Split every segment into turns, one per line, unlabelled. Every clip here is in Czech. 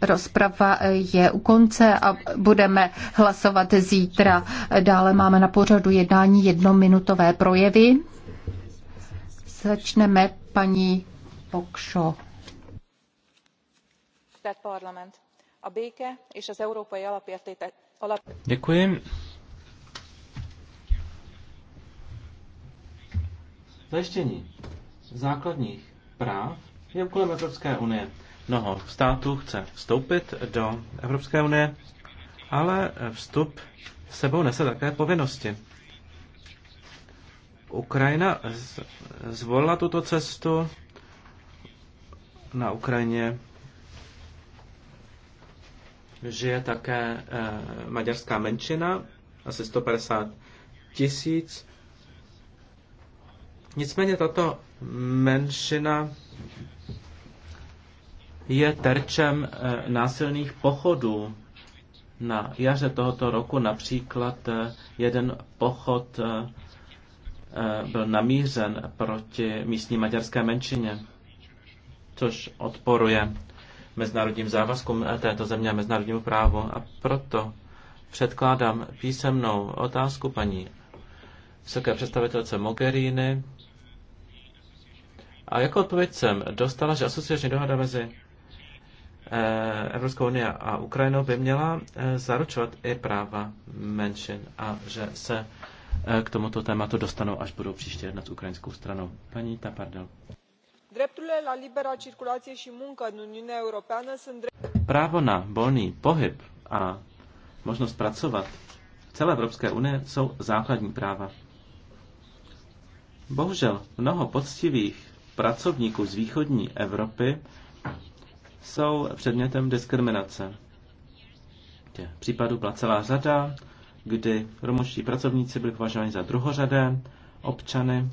Rozprava je u konce a budeme hlasovat zítra. Dále máme na pořadu jednání jednominutové projevy. Začneme paní Pokšo.
Děkuji. Zajištění základních práv je úkolem Evropské unie. Mnoho států chce vstoupit do Evropské unie, ale vstup sebou nese také povinnosti. Ukrajina zvolila tuto cestu na Ukrajině. Žije také eh, maďarská menšina, asi 150 tisíc. Nicméně tato menšina je terčem eh, násilných pochodů. Na jaře tohoto roku například eh, jeden pochod eh, byl namířen proti místní maďarské menšině, což odporuje mezinárodním závazkům této země a mezinárodnímu právu. A proto předkládám písemnou otázku paní vysoké představitelce Mogherini. A jako odpověď jsem dostala, že asociační dohoda mezi Eh, Evropská unie a Ukrajina by měla eh, zaručovat i práva menšin a že se eh, k tomuto tématu dostanou, až budou příště jednat s ukrajinskou stranou. Paní Tapardel. Právo na volný pohyb a možnost pracovat v celé Evropské unie jsou základní práva. Bohužel mnoho poctivých pracovníků z východní Evropy jsou předmětem diskriminace. Tě případů byla celá řada, kdy romoští pracovníci byli považováni za druhořadé občany,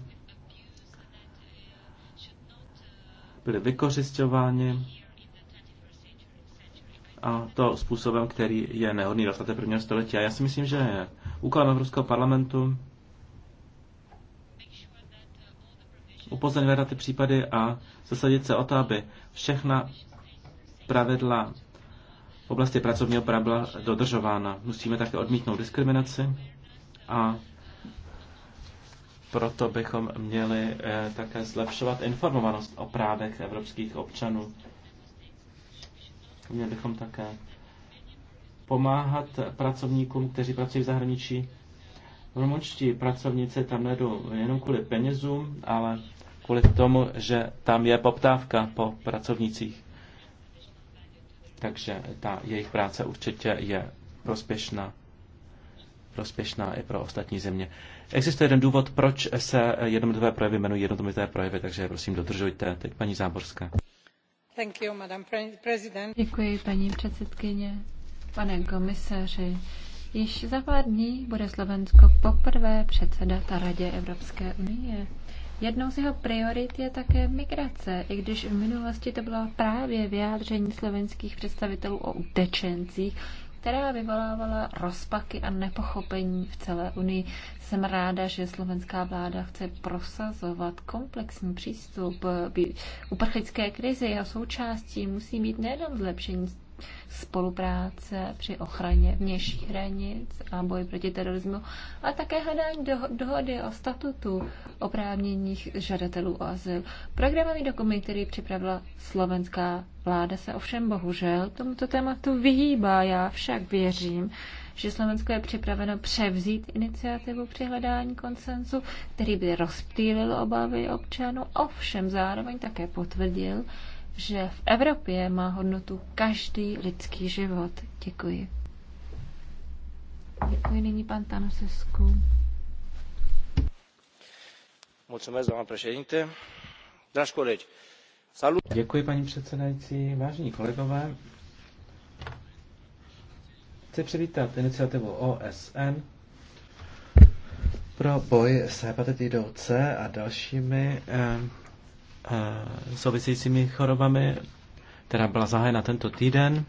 byli vykořišťováni a to způsobem, který je nehodný 21. století. A já si myslím, že je úkolem Evropského parlamentu upozorňovat na ty případy a zasadit se o to, aby všechna pravidla v oblasti pracovního práva dodržována. Musíme také odmítnout diskriminaci a proto bychom měli eh, také zlepšovat informovanost o právech evropských občanů. Měli bychom také pomáhat pracovníkům, kteří pracují v zahraničí. Rumunští pracovníci tam nejdou jenom kvůli penězům, ale kvůli tomu, že tam je poptávka po pracovnicích. Takže ta jejich práce určitě je prospěšná, prospěšná i pro ostatní země. Existuje jeden důvod, proč se jednotlivé projevy jmenují jednotlivé projevy, takže prosím dodržujte. Teď paní Záborská.
Thank you, madam president. Děkuji, paní předsedkyně, pane komisaři. Již za pár dní bude Slovensko poprvé předsedat Radě Evropské unie. Jednou z jeho priorit je také migrace, i když v minulosti to bylo právě vyjádření slovenských představitelů o utečencích, která vyvolávala rozpaky a nepochopení v celé Unii. Jsem ráda, že slovenská vláda chce prosazovat komplexní přístup uprchlické krizi. Jeho součástí musí být nejenom zlepšení spolupráce při ochraně vnějších hranic a boji proti terorismu a také hledání dohody o statutu oprávněních žadatelů o azyl. Programový dokument, který připravila slovenská vláda, se ovšem bohužel tomuto tématu vyhýbá. Já však věřím, že Slovensko je připraveno převzít iniciativu při hledání konsenzu, který by rozptýlil obavy občanů, ovšem zároveň také potvrdil, že v Evropě má hodnotu každý lidský život. Děkuji. Děkuji nyní pan Tanosesku.
Mulțumesc, doamna președinte. Dragi colegi, salut! Děkuji, paní předsedající. Vážení kolegové, chci přivítat iniciativu OSN pro boj s hepatitidou C a dalšími eh, Eh, souvisejícími chorobami, která byla zahájena tento týden.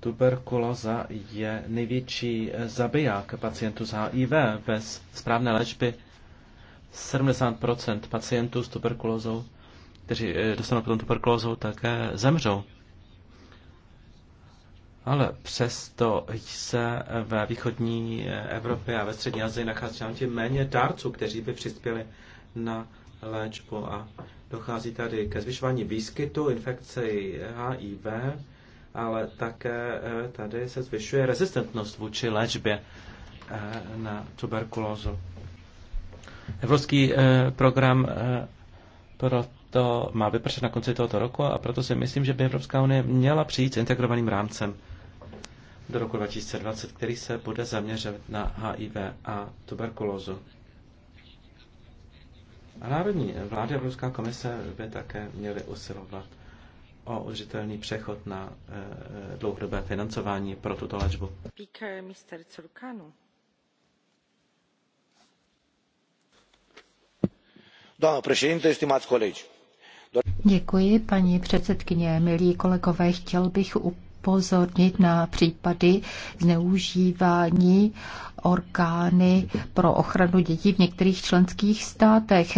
Tuberkuloza je největší eh, zabiják pacientů s HIV. Bez správné léčby 70 pacientů s tuberkulózou, kteří eh, dostanou potom tuberkulózou, také zemřou. Ale přesto se ve východní Evropě a ve střední Asii nachází méně dárců, kteří by přispěli na léčbu a dochází tady ke zvyšování výskytu infekce HIV, ale také eh, tady se zvyšuje rezistentnost vůči léčbě eh, na tuberkulózu. Evropský eh, program proto má vypršet na konci tohoto roku a proto si myslím, že by Evropská unie měla přijít s integrovaným rámcem do roku 2020, který se bude zaměřovat na HIV a tuberkulózu. A národní vlády a Evropská komise by také měly usilovat o užitelný přechod na eh, dlouhodobé financování pro tuto léčbu.
Děkuji, paní předsedkyně. Milí kolegové, chtěl bych upozornit na případy zneužívání orgány pro ochranu dětí v některých členských státech.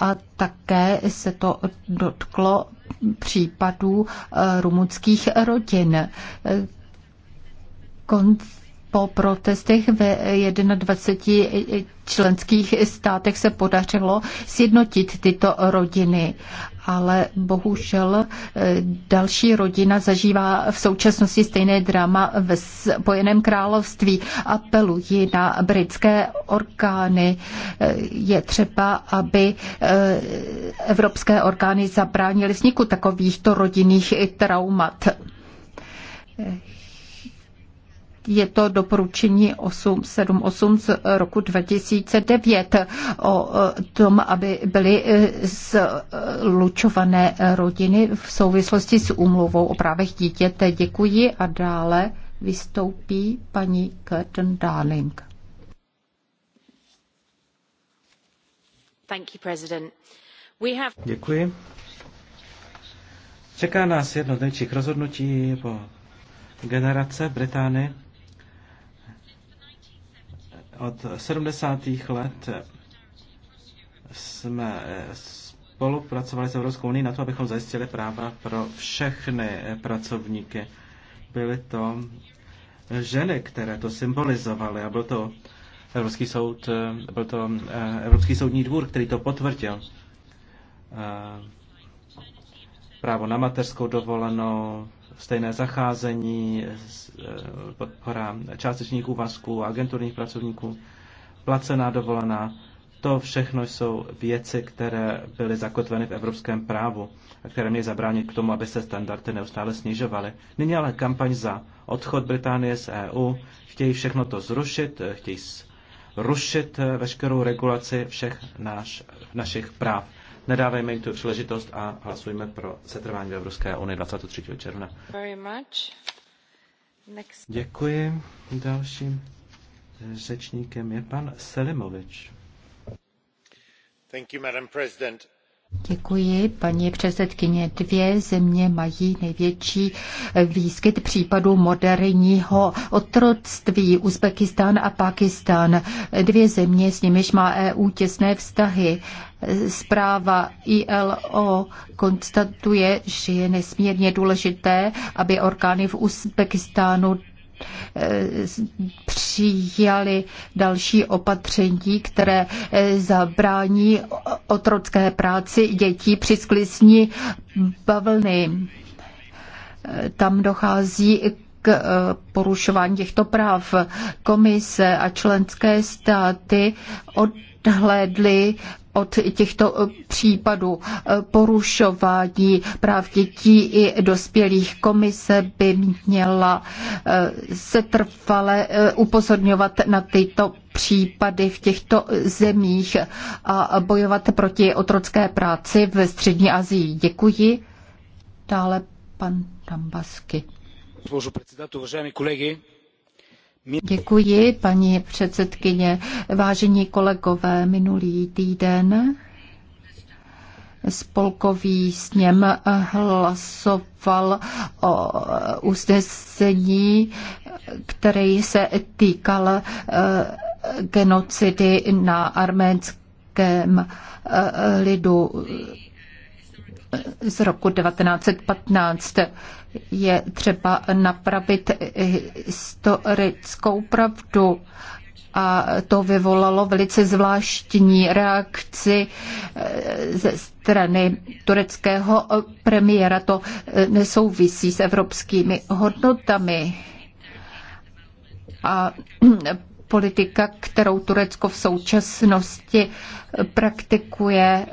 A také se to dotklo případů eh, rumunských rodin. Eh, konc po protestech ve 21 členských státech se podařilo sjednotit tyto rodiny. Ale bohužel eh, další rodina zažívá v současnosti stejné drama ve Spojeném království. Apeluji na britské orgány. Eh, je třeba, aby eh, evropské orgány zabránily vzniku takovýchto rodinných traumat je to doporučení 878 z roku 2009 o e, tom, aby byly e, zlučované rodiny v souvislosti s úmluvou o právech dítěte. Děkuji a dále vystoupí paní Curtin Darling. You, have... Děkuji.
Čeká nás jedno z největších rozhodnutí po generace Británie od 70. let jsme spolupracovali s Evropskou unii na to, abychom zajistili práva pro všechny pracovníky. Byly to ženy, které to symbolizovaly a byl to Evropský soud, byl to eh, Evropský soudní dvůr, který to potvrdil. Eh, právo na mateřskou dovolenou, stejné zacházení, eh, podpora částečných úvazků, agenturních pracovníků, placená dovolená. To všechno jsou věci, které byly zakotveny v evropském právu a které měly zabránit k tomu, aby se standardy neustále snižovaly. Nyní ale kampaň za odchod Británie z EU. Chtějí všechno to zrušit, chtějí rušit veškerou regulaci všech naš, našich práv. Nedávejme jim tu příležitost a hlasujme pro setrvání v Evropské unii 23. června. Next. Děkuji. Dalším řečníkem je pan Selimovič. Thank you, Madam President.
Děkuji, paní předsedkyně. Dvě země mají největší výskyt případů moderního otroctví, Uzbekistán a Pakistán. Dvě země, s nimiž má EU těsné vztahy Zpráva ILO konstatuje, že je nesmírně důležité, aby orgány v Uzbekistánu eh, přijali další opatření, které eh, zabrání otrocké práci dětí při sklizni bavlny. Eh, tam dochází k porušování těchto práv. Komise a členské státy odhlédly od těchto eh, případů eh, porušování práv dětí i dospělých. Komise by měla eh, setrvale upozorňovat na tyto případy v těchto zemích a bojovat proti otrocké práci ve Střední Asii. Děkuji. Dále pan Dambasky.
Госпожо председател, уважаеми
Děkuji, paní předsedkyně. Vážení kolegové, minulý týden spolkový sněm hlasoval o usnesení, který se týkal eh, genocidy na arménském lidu z roku 1915. Je třeba napravit historickou pravdu a to vyvolalo velice zvláštní reakci eh, ze strany tureckého premiéra. To eh, nesouvisí s evropskými hodnotami. A eh, politika, kterou Turecko v současnosti praktikuje,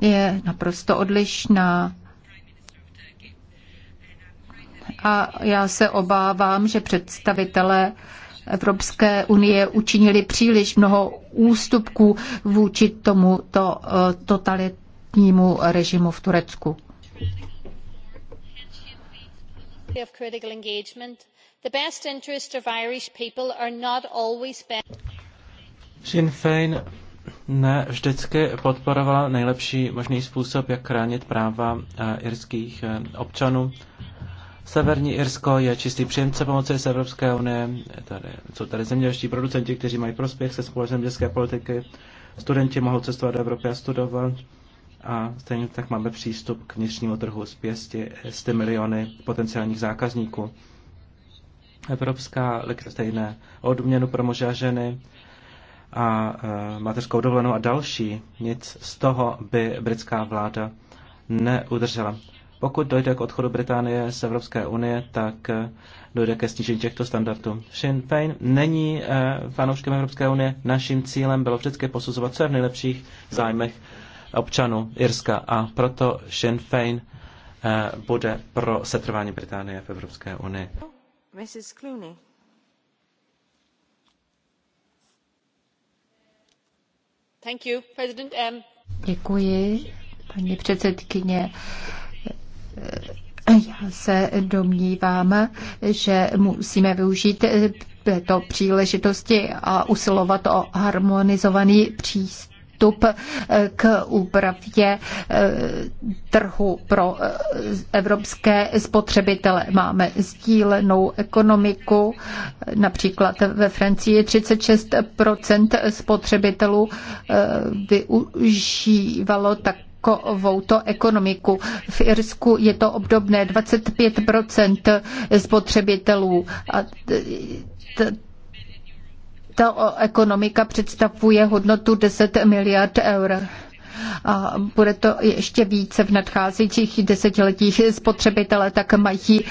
je naprosto odlišná. A já se obávám, že představitelé Evropské unie učinili příliš mnoho ústupků vůči tomuto eh, totalitnímu režimu v Turecku.
Sinn Féin ne vždycky podporovala nejlepší možný způsob, jak chránit práva eh, irských eh, občanů. Severní Irsko je čistý příjemce pomoci z Evropské unie. Tady, jsou tady zemědělští producenti, kteří mají prospěch se společné zemědělské politiky. Studenti mohou cestovat do Evropy a studovat. A stejně tak máme přístup k vnitřnímu trhu z pěsti, 100 eh, miliony potenciálních zákazníků. Evropská stejné odměnu pro muže a ženy, a e, mateřskou dovolenou a další. Nic z toho by britská vláda neudržela. Pokud dojde k odchodu Británie z Evropské unie, tak e, dojde ke snížení těchto standardů. Sinn Féin není e, fanouškem Evropské unie. Naším cílem bylo vždycky posuzovat, co je v nejlepších zájmech občanů Irska a proto Sinn Féin bude pro setrvání Británie v Evropské unii.
Mrs. Clooney.
Děkuji, paní předsedkyně. Já se domnívám, že musíme využít této příležitosti a usilovat o harmonizovaný přístup přístup eh, k úpravě eh, trhu pro eh, evropské spotřebitele. Máme sdílenou ekonomiku, například ve Francii 36 spotřebitelů využívalo tak takovouto ekonomiku. V Irsku je to obdobné 25 spotřebitelů. A ta ekonomika představuje hodnotu 10 miliard eur a bude to ještě více v nadcházejících desetiletích. Spotřebitele tak mají e,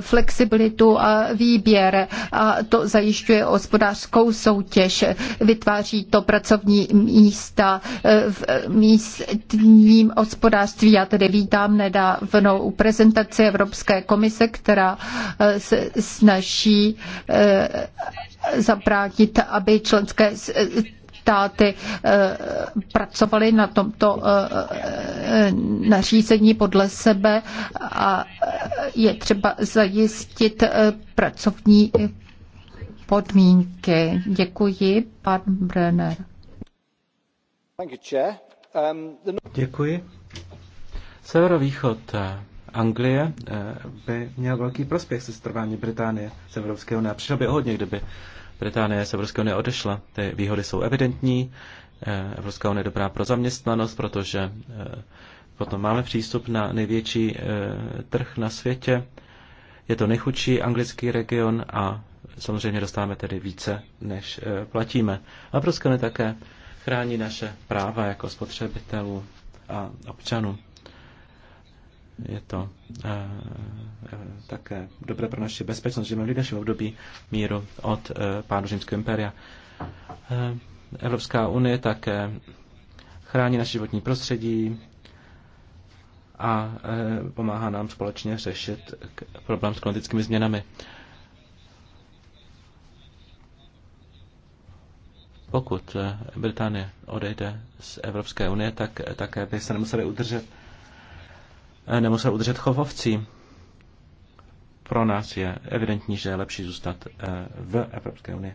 flexibilitu a výběr a to zajišťuje hospodářskou soutěž. Vytváří to pracovní místa e, v e, místním hospodářství. Já tedy vítám nedávnou prezentaci Evropské komise, která se snaží zabránit, aby členské státy eh, pracovaly na tomto eh, nařízení podle sebe a eh, je třeba zajistit pracovní podmínky. Děkuji, pan Brenner.
Um, no- Děkuji.
Severovýchod Anglie by měl velký prospěch se strvání Británie z Evropské unie. Přišel by o hodně, kdyby Británie z Evropské unie odešla. Ty výhody jsou evidentní. Eh, Evropská unie je dobrá pro zaměstnanost, protože eh, potom máme přístup na největší eh, trh na světě. Je to nejchudší anglický region a samozřejmě dostáváme tedy více, než platíme. A Evropská unie také chrání naše práva jako spotřebitelů a občanů. Je to e, e, také dobré pro naši bezpečnost. že lidé v období míru od e, pádu Římského impéria. E, Evropská unie také chrání naše životní prostředí a e, pomáhá nám společně řešit k, problém s klimatickými změnami. Pokud Británie odejde z Evropské unie, tak také by se nemuseli udržet Eh, nemusel udržet chovovci Pro nás je evidentní, že je lepší zůstat eh, v Evropské unii.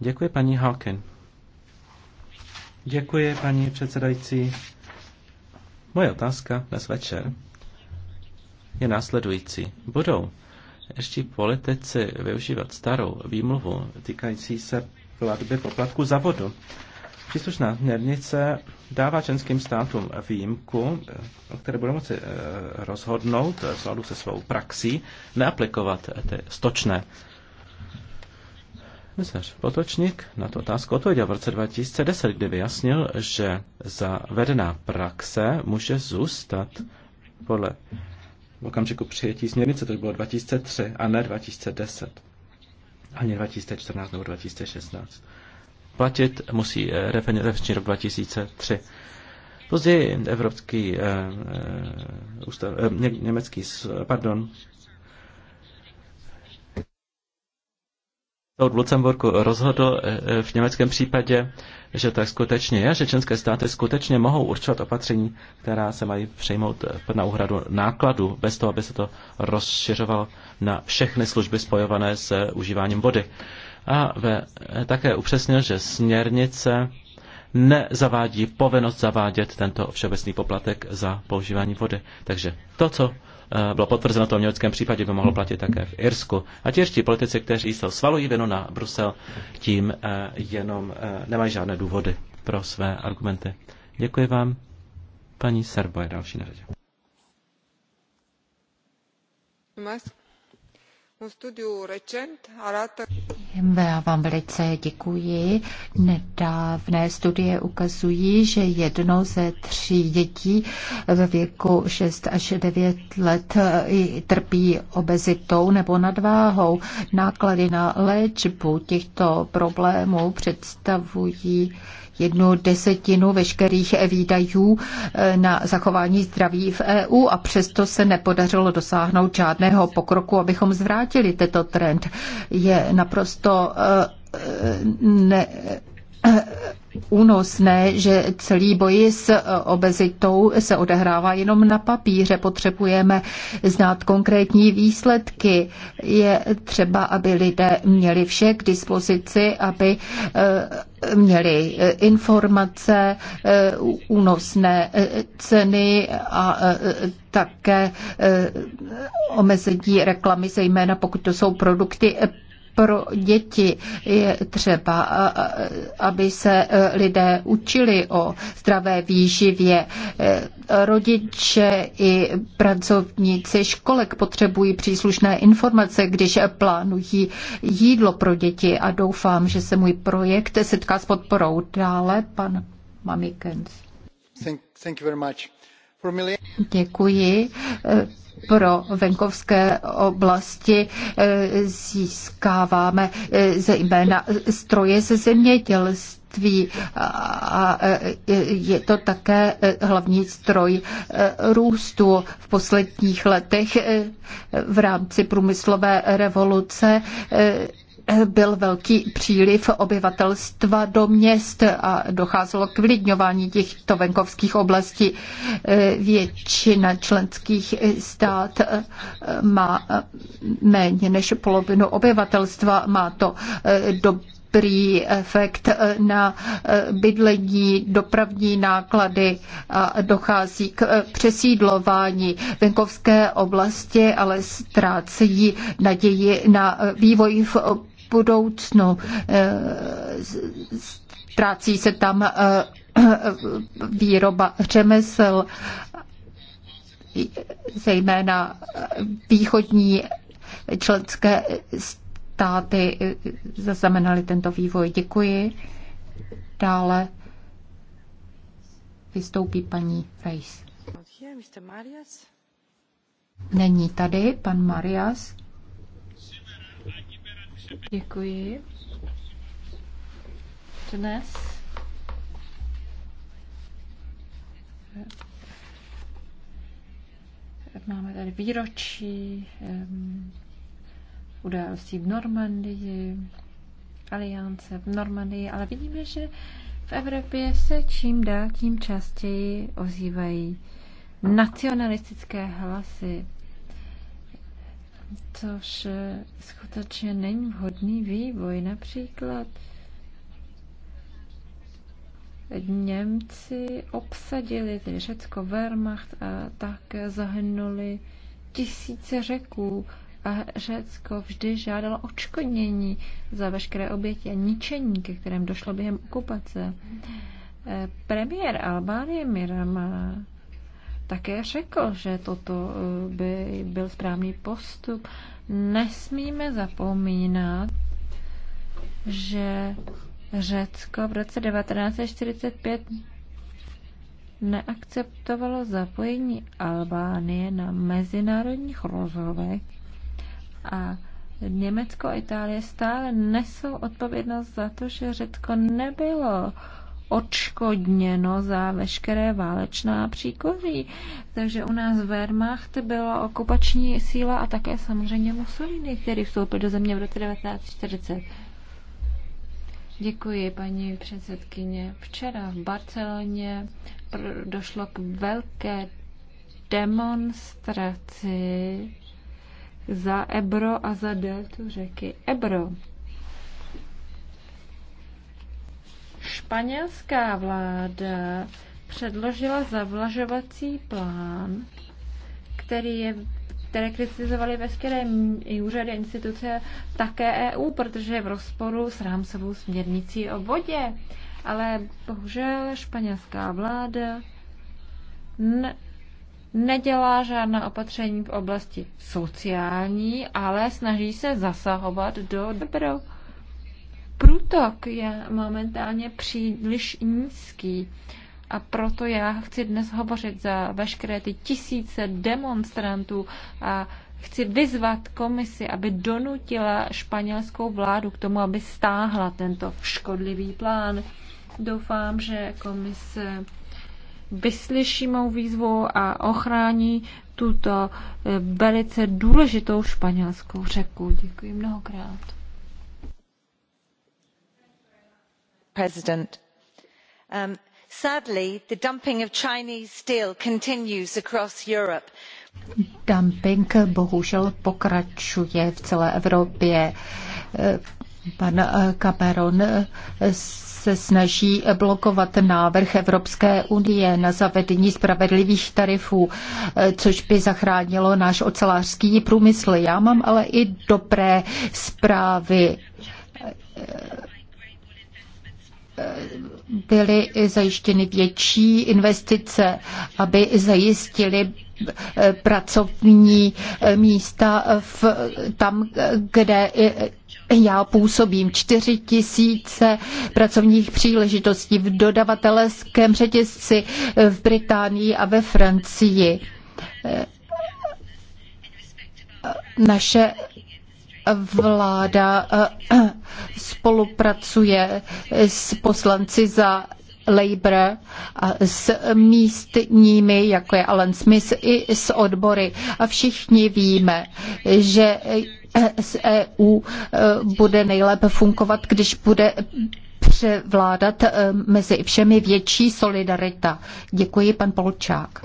Děkuji paní Hawken. Děkuji paní předsedající. Moje otázka dnes večer je následující. Budou ještě politici využívat starou výmluvu týkající se platby poplatku za vodu. Příslušná směrnice dává členským státům výjimku, o které budou moci eh, rozhodnout v souladu se svou praxí, neaplikovat ty stočné. Komisař Potočník na To otázku odpověděl v roce 2010, kdy vyjasnil, že zavedená praxe může zůstat podle v okamžiku přijetí směrnice, to bylo 2003 a ne 2010, ani 2014 nebo 2016 platit, musí eh, referenční rok 2003. Později Evropský eh, eh ústav, eh, německý, pardon, Soud v Lucemburku rozhodl eh, v německém případě, že tak skutečně je, že členské státy skutečně mohou určovat opatření, která se mají přejmout na úhradu nákladu, bez toho, aby se to rozšiřovalo na všechny služby spojované s užíváním vody. Eh, a ve, také upřesnil, že směrnice nezavádí povinnost zavádět tento všeobecný poplatek za používání vody. Takže to, co eh, bylo potvrzeno v tom německém případě, by mohlo platit také v Irsku. A těžší politici, kteří se svalují vinu na Brusel, tím eh, jenom eh, nemají žádné důvody pro své argumenty. Děkuji vám. Paní Serbo je další na řadě.
Já vám velice děkuji. Nedávné studie ukazují, že jedno ze tří dětí ve věku 6 až 9 let eh, trpí obezitou nebo nadváhou. Náklady na léčbu těchto problémů představují jednu desetinu veškerých výdajů eh, na zachování zdraví v EU a přesto se nepodařilo dosáhnout žádného pokroku, abychom zvrátili tento trend. Je naprosto eh, eh, ne únosné, že celý boj s eh, obezitou se odehrává jenom na papíře. Potřebujeme znát konkrétní výsledky. Je třeba, aby lidé měli vše k dispozici, aby eh, měli eh, informace, únosné ceny a také omezení reklamy, zejména pokud to jsou produkty pro děti. Je třeba, aby se e, lidé učili o zdravé výživě. E, rodiče i pracovníci školek potřebují příslušné informace, když plánují jídlo pro děti a doufám, že se můj projekt setká s podporou. Dále pan Mamikens. Thank, thank you very much. Děkuji eh, pro venkovské oblasti eh, získáváme eh, zejména stroje ze zemědělství a je to také hlavní stroj růstu. V posledních letech v rámci průmyslové revoluce byl velký příliv obyvatelstva do měst a docházelo k vylidňování těchto venkovských oblastí. Většina členských stát má méně než polovinu obyvatelstva, má to do dobrý efekt na bydlení, dopravní náklady a dochází k přesídlování. Venkovské oblasti ale ztrácejí naději na vývoj v budoucnu. Eh, Ztrácí se tam eh, výroba řemesel, zejména východní členské státy zaznamenaly tento vývoj. Děkuji. Dále vystoupí paní Reis. Není tady pan Marias.
Děkuji. Dnes máme tady výročí um, událostí v Normandii, aliance v Normandii, ale vidíme, že v Evropě se čím dál tím častěji ozývají nacionalistické hlasy což eh, skutečně není vhodný vývoj. Například Němci obsadili tedy Řecko Wehrmacht a také zahynuli tisíce řeků a Řecko vždy žádalo očkodnění za veškeré oběti a ničení, ke kterém došlo během okupace. Eh, premiér Albánie Mirama také řekl, že toto eh, by byl správný postup. Nesmíme zapomínat, že Řecko v roce 1945 neakceptovalo zapojení Albánie na mezinárodních rozhovech a Německo a Itálie stále nesou odpovědnost za to, že Řecko nebylo odškodněno za veškeré válečná příkoří. Takže u nás Wehrmacht byla okupační síla a také samozřejmě Mussolini, který vstoupil do země v roce 1940. Děkuji, paní předsedkyně. Včera v Barceloně došlo k velké demonstraci za Ebro a za deltu řeky Ebro. španělská vláda předložila zavlažovací plán, který je které kritizovaly veškeré úřady a instituce, také EU, protože je v rozporu s rámcovou směrnicí o vodě. Ale bohužel španělská vláda nedělá žádná opatření v oblasti sociální, ale snaží se zasahovat do dobro průtok je momentálně příliš nízký. A proto já chci dnes hovořit za veškeré ty tisíce demonstrantů a chci vyzvat komisi, aby donutila španělskou vládu k tomu, aby stáhla tento škodlivý plán. Doufám, že komise vyslyší mou výzvu a ochrání tuto eh, velice důležitou španělskou řeku. Děkuji mnohokrát. president um, sadly the dumping of chinese steel continues across europe.
dumping bohužel pokračuje v celé evropě. Eh, pan eh, cameron eh, se snaží blokovat návrh Evropské unie na zavedení spravedlivých tarifů, což by zachránilo náš ocelářský průmysl. Já mám ale i dobré zprávy byly zajištěny větší investice, aby zajistili eh, pracovní eh, místa v, tam, kde eh, já působím 4 tisíce pracovních příležitostí v dodavatelském řetězci v Británii a ve Francii. Naše vláda eh, eh, spolupracuje s poslanci za Labour a s místními, jako je Alan Smith, i s odbory. A všichni víme, že z EU eh, bude nejlépe fungovat, když bude převládat mezi všemi větší solidarita. Děkuji, pan Polčák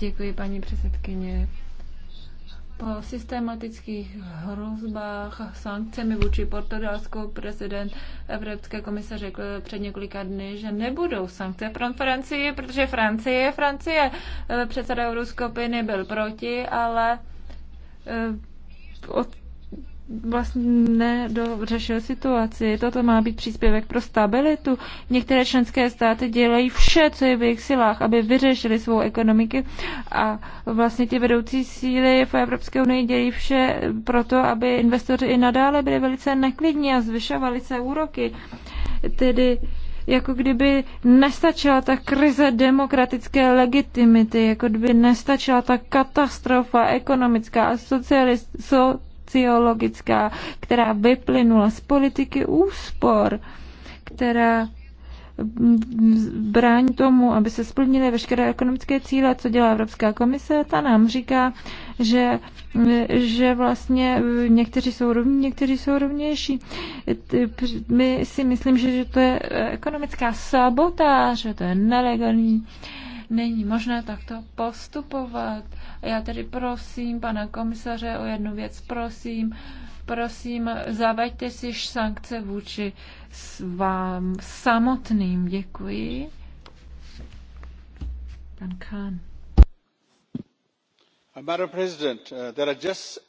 Děkuji, paní předsedající Po systematických hrozbách sankcemi vůči Portugalsku prezident Evropské komise řekl před několika dny, že nebudou sankce pro Francii, protože Francie je Francie. Eh, předseda Euroskopiny byl proti, ale eh, od vlastně dořešil situaci. Toto má být příspěvek pro stabilitu. Některé členské státy dělají vše, co je v jejich silách, aby vyřešili svou ekonomiku a vlastně ty vedoucí síly v Evropské unii dělají vše proto, aby investoři i nadále byli velice neklidní a zvyšovali se úroky. Tedy jako kdyby nestačila ta krize demokratické legitimity, jako kdyby nestačila ta katastrofa ekonomická a socialist, so, sociologická, která vyplynula z politiky úspor, která brání tomu, aby se splnily veškeré ekonomické cíle, co dělá Evropská komise. Ta nám říká, že, že vlastně někteří jsou rovní, někteří jsou rovnější. My si myslím, že, že to je ekonomická sabotáž, že to je nelegální. Není možné takto postupovat. Já tedy prosím pana komisaře o jednu věc. Prosím, prosím, zaveďte si sankce vůči vám samotným. Děkuji. Pan Khan.
Uh, Madam President, uh, there are just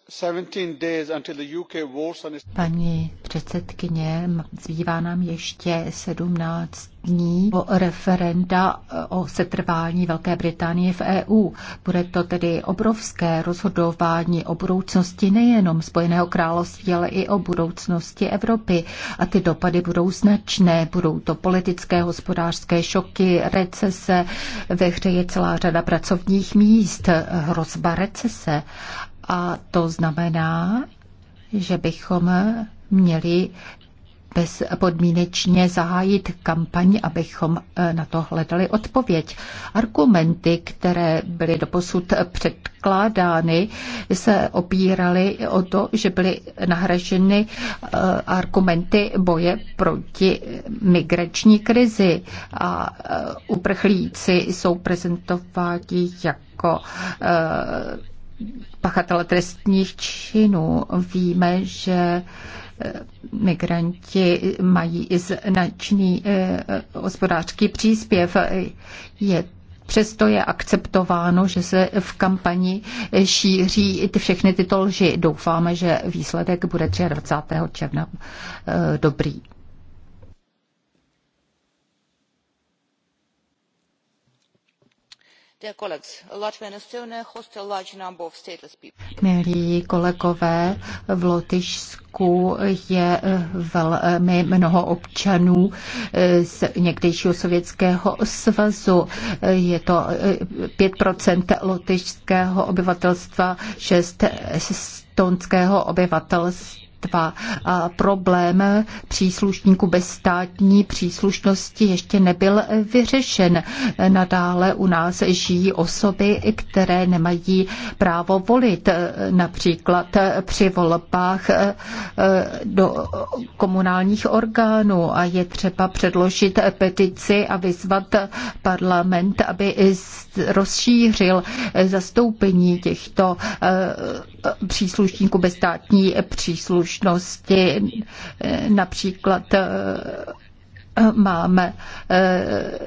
Paní předsedkyně, zbývá nám ještě 17 dní o referenda e, o setrvání Velké Británie v EU. Bude to tedy obrovské rozhodování o budoucnosti nejenom Spojeného království, ale i o budoucnosti Evropy. A ty dopady budou značné. Budou to politické, hospodářské šoky, recese. Ve hře je celá řada pracovních míst, hrozba recese. A to znamená, že bychom měli bezpodmínečně zahájit kampaň, abychom e, na to hledali odpověď. Argumenty, které byly doposud předkládány, se opíraly o to, že byly nahraženy e, argumenty boje proti migrační krizi a e, uprchlíci jsou prezentováni jako pachatele trestních činů. Víme, že eh, migranti mají značný eh, hospodářský příspěv. Je Přesto je akceptováno, že se v kampani šíří ty, všechny tyto lži. Doufáme, že výsledek bude 23. června eh, dobrý. Milí kolegové, v Lotyšsku je eh, velmi mnoho občanů eh, z někdejšího sovětského svazu. Eh, je to 5% lotyšského obyvatelstva, 6 estonského obyvatelstva lidstva a problém příslušníků bez státní příslušnosti ještě nebyl vyřešen. Nadále u nás žijí osoby, které nemají právo volit, například při volbách eh, do komunálních orgánů a je třeba předložit petici a vyzvat parlament, aby rozšířil zastoupení těchto eh, příslušníků bez státní příslušnosti možnosti. Například eh, máme eh,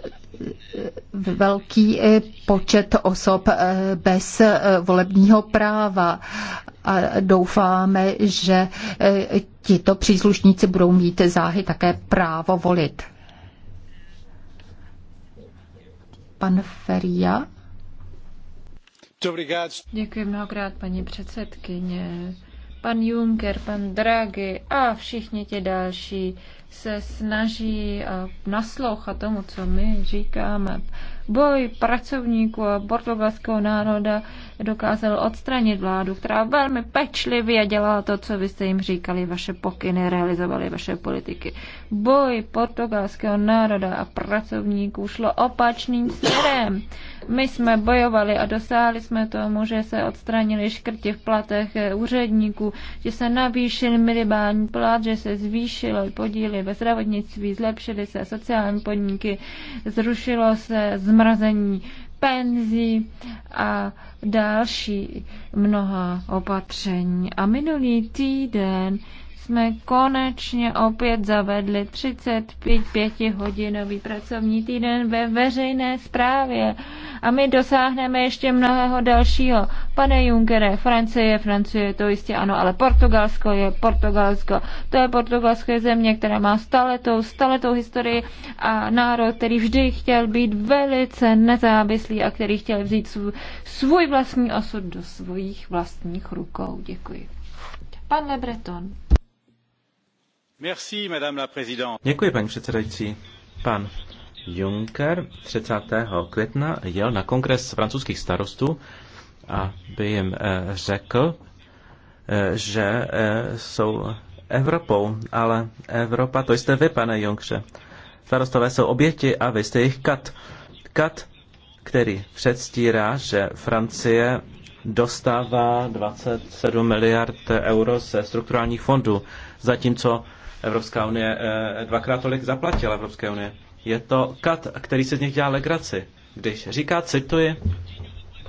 velký eh, počet osob bez volebního práva a doufáme, že tito příslušníci budou mít záhy také právo volit. Pan Feria.
Děkuji mnohokrát, paní předsedkyně pan Juncker, pan Draghi a všichni ti další se snaží eh, naslouchat tomu, co my říkáme. Boj pracovníků a portugalského národa dokázal odstranit vládu, která velmi pečlivě dělala to, co vy jste jim říkali, vaše pokyny, realizovali vaše politiky. Boj portugalského národa a pracovníků šlo opačným směrem. My jsme bojovali a dosáhli jsme tomu, že se odstranili škrti v platech úředníků, že se navýšil minimální plat, že se zvýšil podíly podniky ve zdravotnictví, zlepšily se sociální podmínky, zrušilo se zmrazení penzí a další mnoha opatření. A minulý týden jsme konečně opět zavedli 35-hodinový pracovní týden ve veřejné správě. A my dosáhneme ještě mnohého dalšího. Pane Junkere, Francie, je Francie, to jistě ano, ale Portugalsko je Portugalsko. To je portugalské země, která má staletou, staletou historii a národ, který vždy chtěl být velice nezávislý a který chtěl vzít svůj, vlastní osud do svých vlastních rukou. Děkuji. Pan Lebreton.
Děkuji, paní předsedající. Pan Juncker 30. května jel na kongres francouzských starostů, aby jim eh, řekl, eh, že eh, jsou Evropou, ale Evropa, to jste vy, pane Junkře. Starostové jsou oběti a vy jste jejich kat. Kat, který předstírá, že Francie dostává 27 miliard euro ze strukturálních fondů, zatímco Evropská unie eh, dvakrát tolik zaplatila Evropské unie. Je to kat, který se z nich dělá legraci. Když říká, cituji,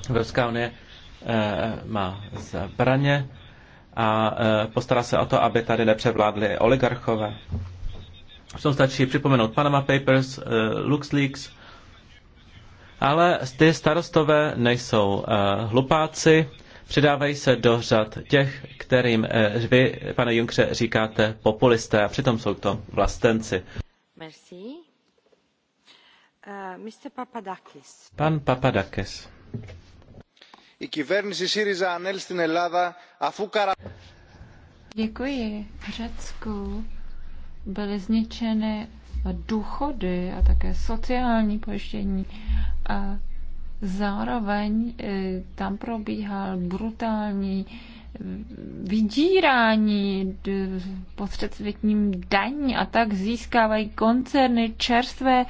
Evropská unie eh, má zbraně a eh, postará se o to, aby tady nepřevládly oligarchové. V tom stačí připomenout Panama Papers, LuxLeaks, ale ty starostové hlupáci, Předávají se do řad těch, kterým eh, vy, pane Junkře, říkáte populisté a přitom jsou to vlastenci.
Merci. Uh,
eh, Mr. Papadakis.
Pan Papadakis.
I
κυβέρνηση ΣΥΡΙΖΑ ανέλ στην Ελλάδα αφού καρα...
Děkuji. V Řecku byly zničeny důchody a také sociální pojištění. A Zároveň e, tam probíhal brutální e, vydírání pod předsvětním daní a tak získávají koncerny čerstvé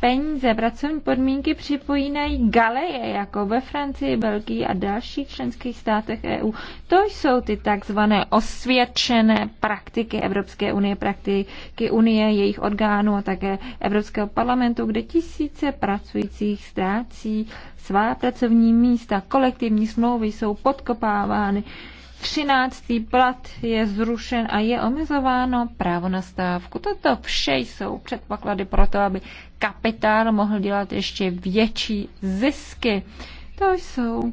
peníze, pracovní podmínky připojínají galeje, jako ve Francii, Belgii a dalších členských státech EU. To jsou ty takzvané osvědčené praktiky Evropské unie, praktiky unie, jejich orgánů a také Evropského parlamentu, kde tisíce pracujících ztrácí svá pracovní místa, kolektivní smlouvy jsou podkopávány. Třináctý plat je zrušen a je omezováno právo na stávku. Toto vše jsou předpoklady pro to, aby kapitál mohl dělat ještě větší zisky. To jsou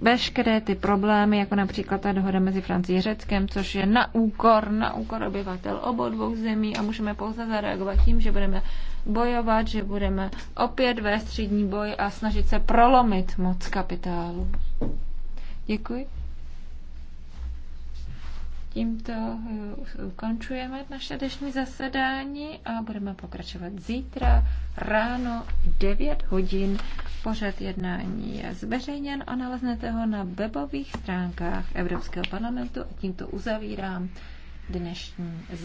veškeré ty problémy, jako například ta dohoda mezi Francií a Řeckem, což je na úkor, na úkor obyvatel obou dvou zemí a můžeme pouze zareagovat tím, že budeme bojovat, že budeme opět ve střední boj a snažit se prolomit moc kapitálu. Děkuji. Tímto eh, ukončujeme naše dnešní zasedání a budeme pokračovat zítra ráno 9 hodin. Pořad jednání je zveřejněn a naleznete ho na webových stránkách Evropského parlamentu. a Tímto uzavírám dnešní zasedání.